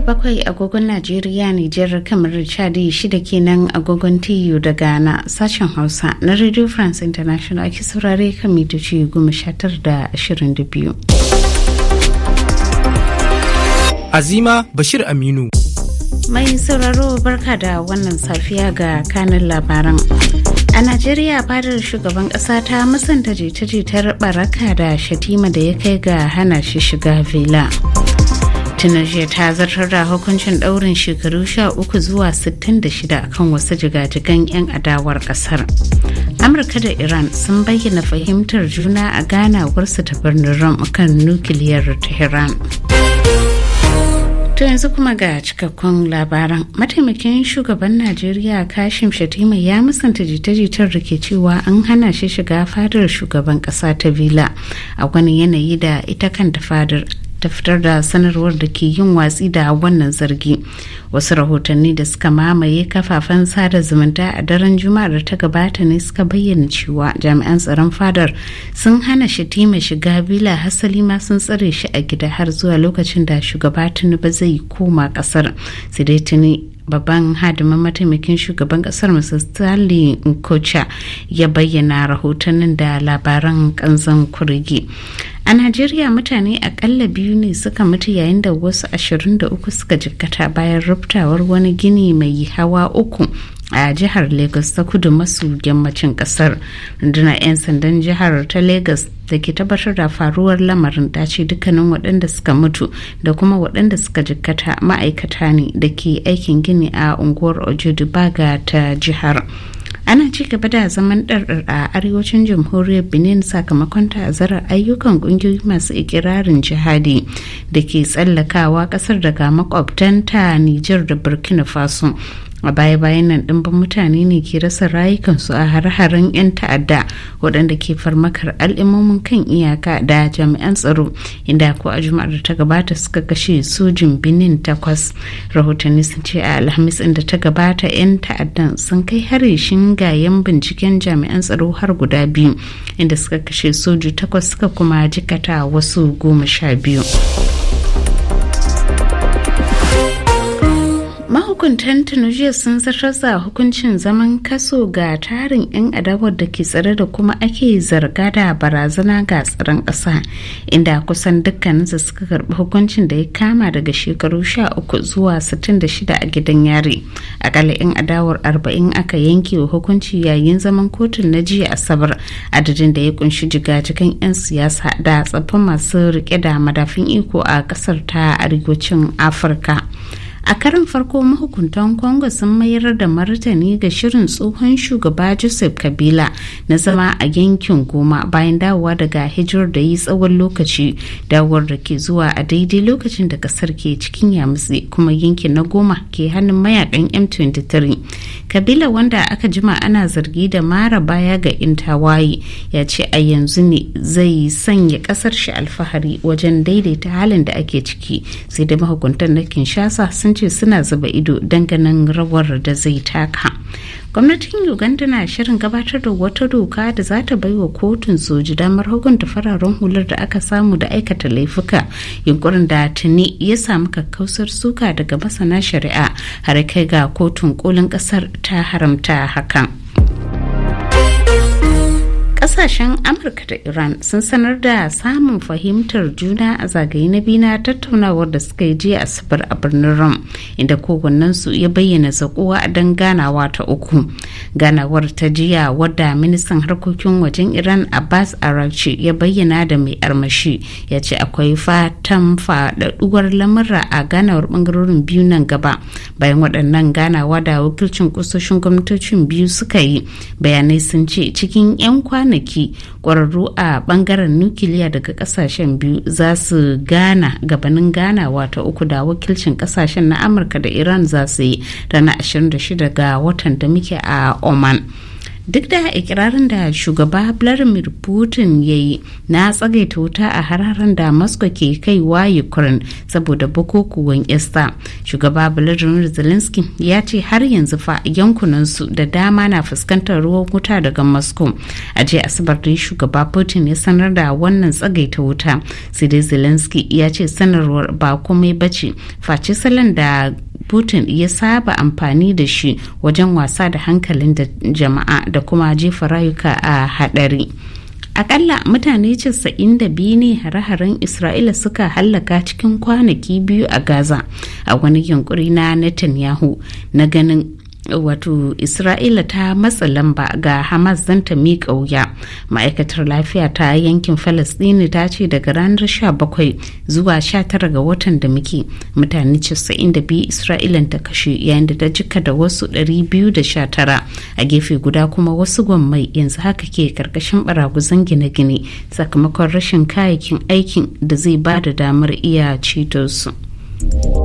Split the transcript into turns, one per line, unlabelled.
karfe bakwai agogon Najeriya Nijar kamar Chadi shida kenan agogon TU da Ghana sashen Hausa na Radio France International ake saurare kan mitoci goma sha tara da ashirin da biyu. Azima Bashir Aminu. Mai sauraro barka da wannan safiya ga kanin labaran. A Najeriya fadar shugaban ƙasa ta musanta jita-jitar baraka da shatima da ya kai ga hana shi shiga vila. tunisia ta zartar da hukuncin daurin shekaru sha uku zuwa 66 kan wasu jigajigan 'yan adawar kasar amurka da iran sun bayyana fahimtar juna a ganawarsu ta birnin rom kan nukiliyar tehran To yanzu kuma ga cikakkun labaran mataimakin shugaban Najeriya Kashim Shatima ya musanta jita-jitar da ke cewa an hana shi shiga fadar shugaban kasa ta Vila a wani yanayi da ita kanta fadar ta fitar da sanarwar da ke yin watsi da wannan zargi wasu rahotanni da suka mamaye kafafen sada zumunta a daren juma'ar ta gabata ne suka bayyana cewa jami'an tsaron fadar sun hana shatima shiga bila hasali ma sun tsare shi a gida har zuwa lokacin da shugaba ba zai koma kasar sai dai tuni babban hadimin mataimakin shugaban kasar mr stanley nkocha ya bayyana rahotannin da labaran kanzan kurgi a najeriya mutane akalla biyu ne suka mutu yayin da wasu 23 suka jikkata bayan ruptawar wani gini mai hawa uku a jihar lagos ta kudu masu yammacin kasar rundunar 'yan sandan jihar ta lagos da ke tabbatar da faruwar lamarin ta ce dukkanin waɗanda suka mutu da kuma waɗanda suka jikkata ma'aikata ne da ke aikin gini a unguwar baga ta jihar ana ci gaba da zaman ɗarɗar a arewacin jamhuriyar benin sakamakon ta'azarar ayyukan ƙungiyoyi masu ikirarin jihadi da ke tsallakawa ƙasar daga makwabtanta nijar da burkina faso a baya-bayan nan ɗimbin mutane ne ke rasa rayukansu a har harin 'yan ta'adda waɗanda ke farmakar al'ummomin kan iyaka da jami'an tsaro inda ko a juma'ar da ta gabata suka kashe sojin binin takwas rahotanni sun ce a alhamis inda ta gabata 'yan ta'addan sun kai harin shingayen binciken jami'an tsaro har guda biyu inda suka kashe soji takwas suka kuma jikata wasu goma sha biyu. mahukuntan tunisia sun zartar hukuncin zaman kaso ga tarin 'yan adawar da ke tsare da kuma ake zarga da barazana ga tsaron ƙasa inda kusan dukkaninsu suka karbi hukuncin da ya kama daga shekaru 13 zuwa 66 a gidan yari akalla 'yan adawar 40 aka yanke wa hukunci yayin zaman kotun na jiya asabar adadin da ya kunshi jigajigan 'yan siyasa da tsaffin masu rike da madafin iko a ƙasar ta arewacin afirka a karin farko mahukuntan congo sun mayar da martani ga shirin tsohon shugaba joseph kabila na zama a yankin goma bayan dawowa daga hijirar da yi tsawon lokaci dawowar da ke zuwa a daidai lokacin da kasar ke cikin yamutse kuma yankin na goma ke hannun mayakan m23 kabila wanda aka jima ana zargi da mara baya ga intawaye ya ce a yanzu ne zai sanya kasar shi alfahari wajen daidaita halin da ake ciki sai da mahukuntan na kinshasa sun sun ce suna zuba ido don ganin rawar da zai taka gwamnatin uganda na shirin gabatar da wata doka da za ta baiwa kotun soji damar hukunta fararen hular da aka samu da aikata laifuka yunkurin da tuni ya samu kakkausar suka daga masana shari'a har kai ga kotun kolin kasar ta haramta hakan kasashen amurka da iran sun sanar da samun fahimtar juna a zagaye na biyu na tattaunawar da suka yi jiya asabar a birnin rom inda kogonansu ya bayyana a don ganawa ta uku ganawar ta jiya wadda ministan harkokin wajen iran abbas arakci ya bayyana da mai armashi ya ce akwai fatan faɗaɗuwar lamura a ganawar ɓangarorin biyu nan gaba bayan waɗannan ganawa da wakilcin kusoshin gwamnatocin biyu suka yi bayanai sun ce cikin 'yan kwana kwanaki ƙwararru a ɓangaren nukiliya daga ƙasashen biyu za su gana gabanin gana wata uku da wakilcin ƙasashen na amurka da iran za su yi ranar 26 ga watan da muke a oman. duk da ikirarin da shugaba vladimir putin ya yi na tsagaita wuta a hararen da moscow ke kaiwa ukraine saboda bukukuwan easter shugaba vladimir zelensky ya ce har yanzu fa yankunansu da dama na fuskantar ruwan wuta daga moscow a jiya asabar da shugaba putin ya sanar da wannan tsagaita wuta sai dai zelensky ya ce sanarwar ba komai bace face salon da putin ya saba amfani da shi wajen wasa da hankalin da jama'a da kuma jefa rayuka a hadari akalla mutane casa'in da biyu ne hare-haren isra'ila suka hallaka cikin kwanaki biyu a gaza a wani yunkuri na netanyahu na ganin wato isra'ila ta matsa lamba ga hamas zan ta miƙa wuya ma'aikatar lafiya ta yankin falastini ta ce daga ranar 17 zuwa 19 ga watan da muke mutane 92 isra'ilan ta kashe yayin da ta cika da wasu 219 a gefe guda kuma wasu gwammai yanzu haka ke karkashin baraguzan gine-gine sakamakon rashin kayayyakin aikin da zai ba da damar iya ceto su.